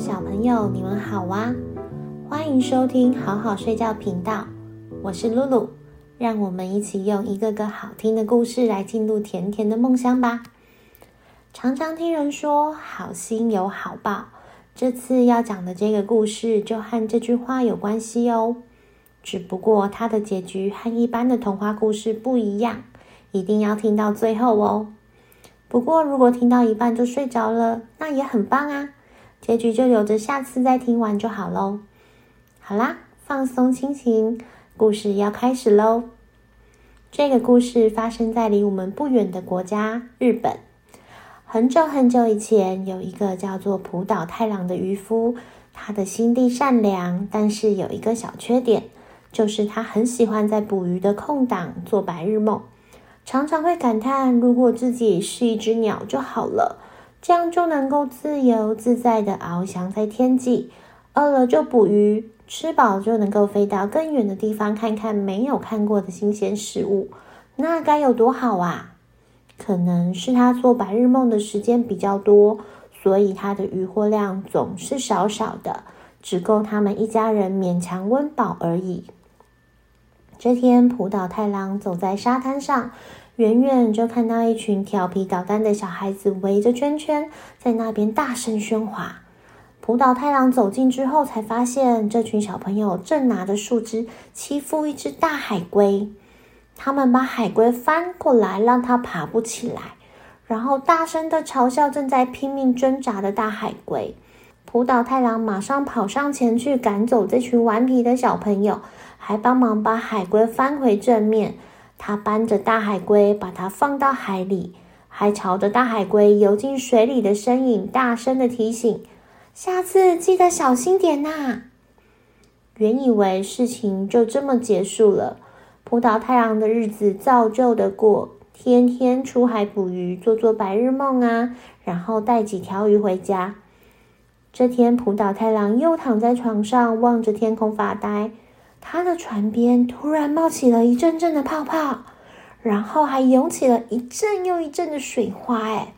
小朋友，你們好啊！歡迎收聽好好睡覺頻道，我是露露。讓我們一起用一個個好聽的故事來進入甜甜的夢鄉吧。常常聽人說“好心有好報”，這次要講的這個故事就和這句話有關係哦。只不過它的結局和一般的童話故事不一樣，一定要聽到最後哦。不過，如果聽到一半就睡着了，那也很棒啊！結局就留着下次再聽完就好嘍。好啦，放鬆心情，故事要開始嘍。這個故事發生在離我們不遠的國家日本。很久很久以前，有一個叫做浦島太郎的漁夫，他的心地善良，但是有一個小缺點，就是他很喜歡在捕魚的空檔做白日夢，常常會感嘆如果自己是一隻鳥就好了。這樣就能夠自由自在的翱翔在天際，餓了就捕魚，吃飽就能夠飛到更遠的地方看看沒有看過的新鮮事物，那該有多好啊！可能是他做白日夢的時間比較多，所以他的漁獲量總是少少的，只夠他們一家人勉強溫飽而已。這天，浦島太郎走在沙灘上，遠遠就看到一群調皮搗蛋的小孩子圍着圈圈，在那邊大聲喧嘩。浦島太郎走近之後，才發現這群小朋友正拿着樹枝欺負一隻大海龜，他們把海龜翻過來，讓它爬不起來，然後大聲地嘲笑正在拼命掙扎的大海龜。浦島太郎馬上跑上前去趕走這群頑皮的小朋友。還幫忙把海龜翻回正面，他搬着大海龜，把它放到海裡，還朝着大海龜游進水裡的身影大聲地提醒：“下次記得小心點吶、啊！”原以為事情就這麼結束了，浦島太郎的日子照舊的過，天天出海捕魚，做做白日夢啊，然後帶幾條魚回家。這天，浦島太郎又躺在床上，望着天空發呆。他的船邊突然冒起了一陣陣的泡泡，然後還湧起了一陣又一陣的水花、欸。哎，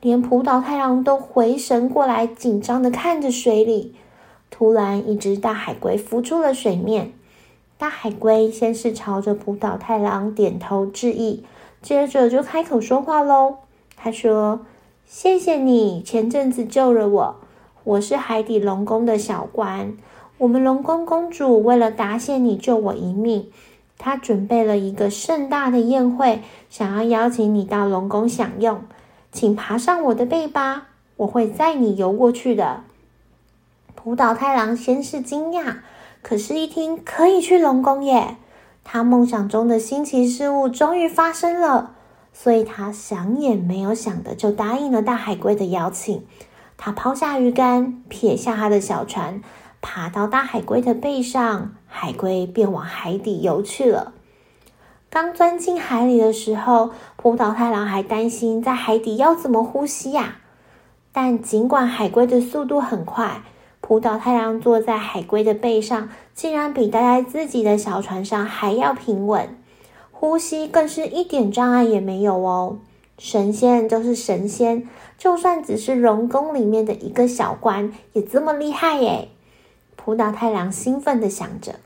連浦島太郎都回神過來，緊張的看着水裡。突然，一只大海龜浮出了水面。大海龜先是朝着浦島太郎點頭致意，接着就開口說話嘍。他說：“謝謝你前陣子救了我，我是海底龍宮的小官。”我們龍宮公主為了答謝你救我一命，她準備了一個盛大的宴會，想要邀請你到龍宮享用。請爬上我的背吧，我會載你游過去的。浦島太郎先是驚訝，可是一聽可以去龍宮耶，他夢想中的新奇事物終於發生了，所以他想也沒有想的就答應了大海龜的邀請。他拋下魚竿，撇下他的小船。爬到大海龜的背上，海龜便往海底游去了。剛鑽進海裡的時候，浦島太郎還擔心在海底要怎麼呼吸呀、啊？但儘管海龜的速度很快，浦島太郎坐在海龜的背上，竟然比待在自己的小船上還要平穩，呼吸更是一點障礙也沒有哦！神仙就是神仙，就算只是龍宮裡面的一個小官，也這麼厲害耶、欸！浦島太郎興奮的想着，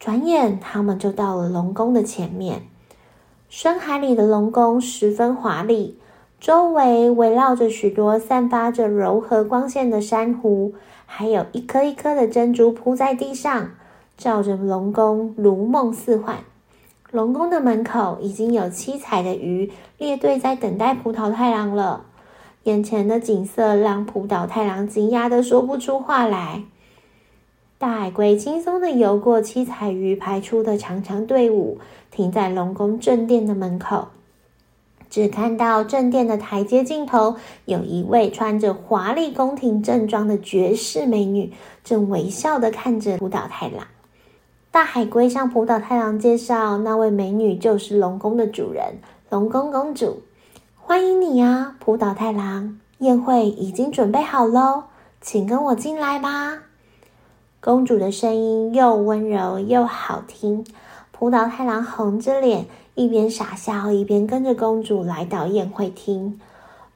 轉眼他們就到了龍宮的前面。深海裡的龍宮十分華麗，周圍圍繞着許多散發着柔和光線的珊瑚，還有一顆一顆的珍珠鋪在地上，照着龍宮如夢似幻。龍宮的門口已經有七彩的魚列隊在等待浦島太郎了。眼前的景色讓浦島太郎驚訝的說不出話來。大海龜輕鬆地游過七彩魚排出的長長隊伍，停在龍宮正殿的門口。只看到正殿的台階盡頭，有一位穿着華麗宮廷正裝的絕世美女，正微笑的看着浦島太郎。大海龜向浦島太郎介紹，那位美女就是龍宮的主人，龍宮公主。歡迎你啊，浦島太郎！宴會已經準備好嘍，請跟我進來吧。公主的聲音又溫柔又好聽，浦島太郎紅着臉，一邊傻笑，一邊跟着公主來到宴會廳。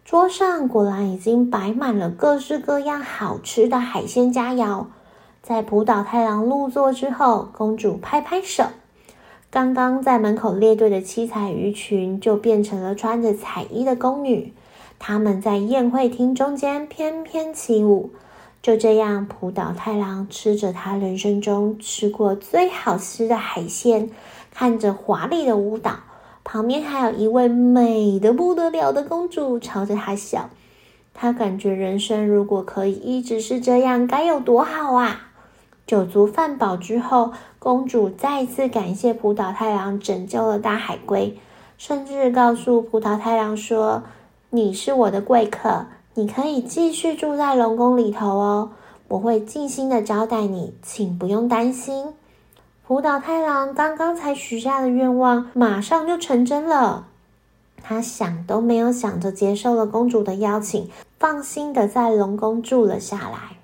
桌上果然已經擺滿了各式各樣好吃的海鮮佳肴。在浦島太郎入座之後，公主拍拍手，剛剛在門口列隊的七彩魚群就變成了穿着彩衣的宮女，她們在宴會廳中間翩翩起舞。就這樣，浦島太郎吃着他人生中吃過最好吃的海鮮，看着華麗的舞蹈，旁邊還有一位美得不得了的公主朝着他笑。他感覺人生如果可以一直是這樣，該有多好啊！酒足飯飽之後，公主再次感謝浦島太郎拯救了大海龜，甚至告訴浦島太郎說：“你是我的貴客。”你可以繼續住在龍宮裡頭哦，我會盡心的招待你，請不用擔心。浦島太郎剛剛才許下的願望，馬上就成真了。他想都沒有想着接受了公主的邀請，放心的在龍宮住了下來。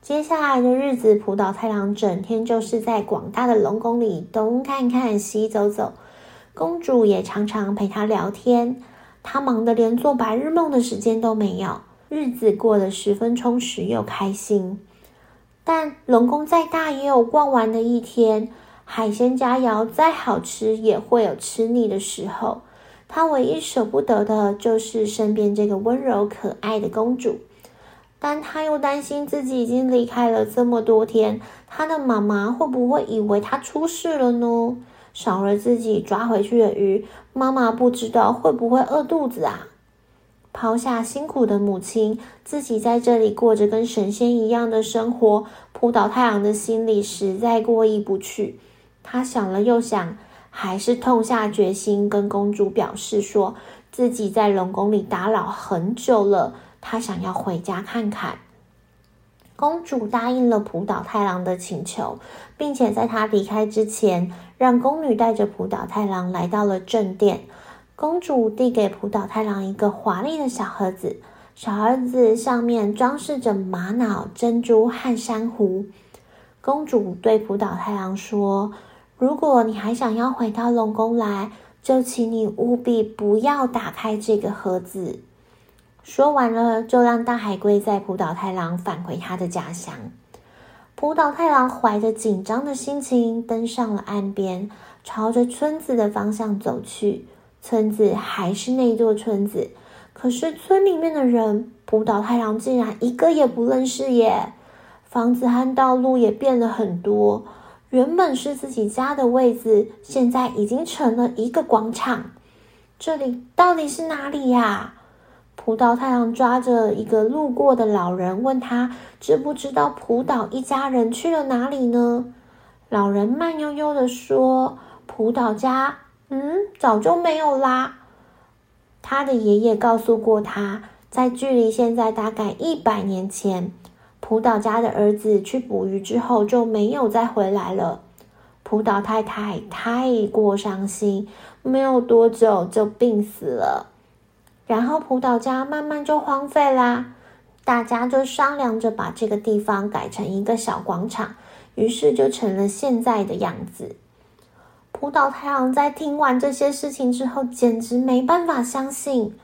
接下來的日子，浦島太郎整天就是在廣大的龍宮裡東看看西走走，公主也常常陪他聊天。他忙得連做白日夢的時間都沒有。日子過得十分充實又開心，但龍宮再大也有逛完的一天，海鮮佳餚再好吃也會有吃膩的時候。他唯一捨不得的就是身邊這個溫柔可愛的公主，但他又擔心自己已經離開了這麼多天，他的媽媽會不會以為他出事了呢？少了自己抓回去的魚，媽媽不知道會不會餓肚子啊？拋下辛苦的母親，自己在這裡過着跟神仙一樣的生活。浦島太郎的心裡實在過意不去，他想了又想，還是痛下決心跟公主表示說自己在龍宮裡打擾很久了，他想要回家看看。公主答應了浦島太郎的請求，並且在他離開之前，讓宮女帶着浦島太郎來到了正殿。公主遞給浦島太郎一個華麗的小盒子，小盒子上面裝飾着瑪瑙、珍珠和珊瑚。公主對浦島太郎說：“如果你還想要回到龍宮來，就請你務必不要打開這個盒子。”說完了，就讓大海龜載浦島太郎返回他的家鄉。浦島太郎懷着緊張的心情登上了岸邊，朝着村子的方向走去。村子還是那座村子，可是村裡面的人浦島太郎竟然一個也不認識耶。房子和道路也變了很多，原本是自己家的位置，現在已經成了一個廣場。這裡到底是哪裡呀？浦島太郎抓着一個路過的老人，問他知不知道浦島一家人去了哪裡呢？老人慢悠悠地說：“浦島家。”嗯，早就沒有啦。他的爺爺告訴過他，在距離現在大概一百年前，浦島家的兒子去捕魚之後就沒有再回來了。浦島太太太過傷心，沒有多久就病死了。然後浦島家慢慢就荒廢啦，大家就商量着把這個地方改成一個小廣場，於是就成了現在的樣子。浦島太郎在聽完這些事情之後，簡直沒辦法相信。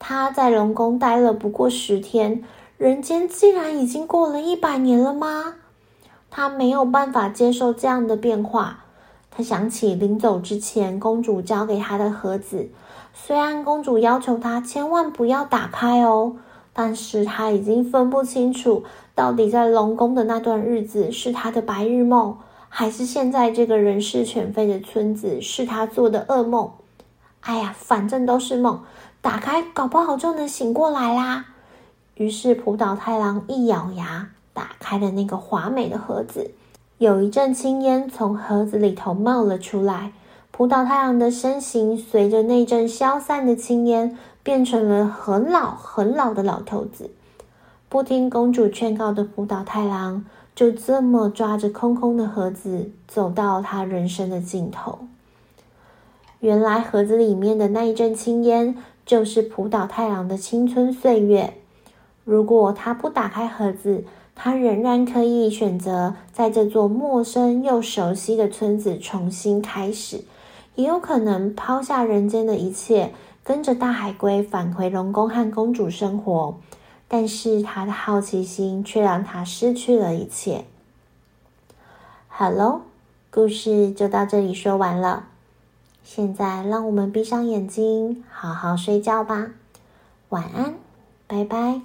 他在龍宮待了不過十天，人間竟然已經過了一百年了嗎？他沒有辦法接受這樣的變化。他想起臨走之前公主交給他的盒子，雖然公主要求他千萬不要打開哦，但是他已經分不清楚，到底在龍宮的那段日子是他的白日夢。還是現在這個人事全非的村子是他做的噩夢，哎呀，反正都是夢，打開搞不好就能醒過來啦。於是浦島太郎一咬牙，打開了那個華美的盒子，有一陣青煙從盒子裡頭冒了出來，浦島太郎的身形隨着那陣消散的青煙，變成了很老很老的老頭子。不聽公主勸告的浦島太郎。就這麼抓着空空的盒子走到他人生的盡頭。原來盒子裡面的那一陣青煙，就是浦島太郎的青春歲月。如果他不打開盒子，他仍然可以選擇在這座陌生又熟悉的村子重新開始，也有可能拋下人間的一切，跟着大海龜返回龍宮和公主生活。但是他的好奇心卻讓他失去了一切。好了，故事就到這裡說完了。現在讓我們閉上眼睛，好好睡覺吧。晚安，拜拜。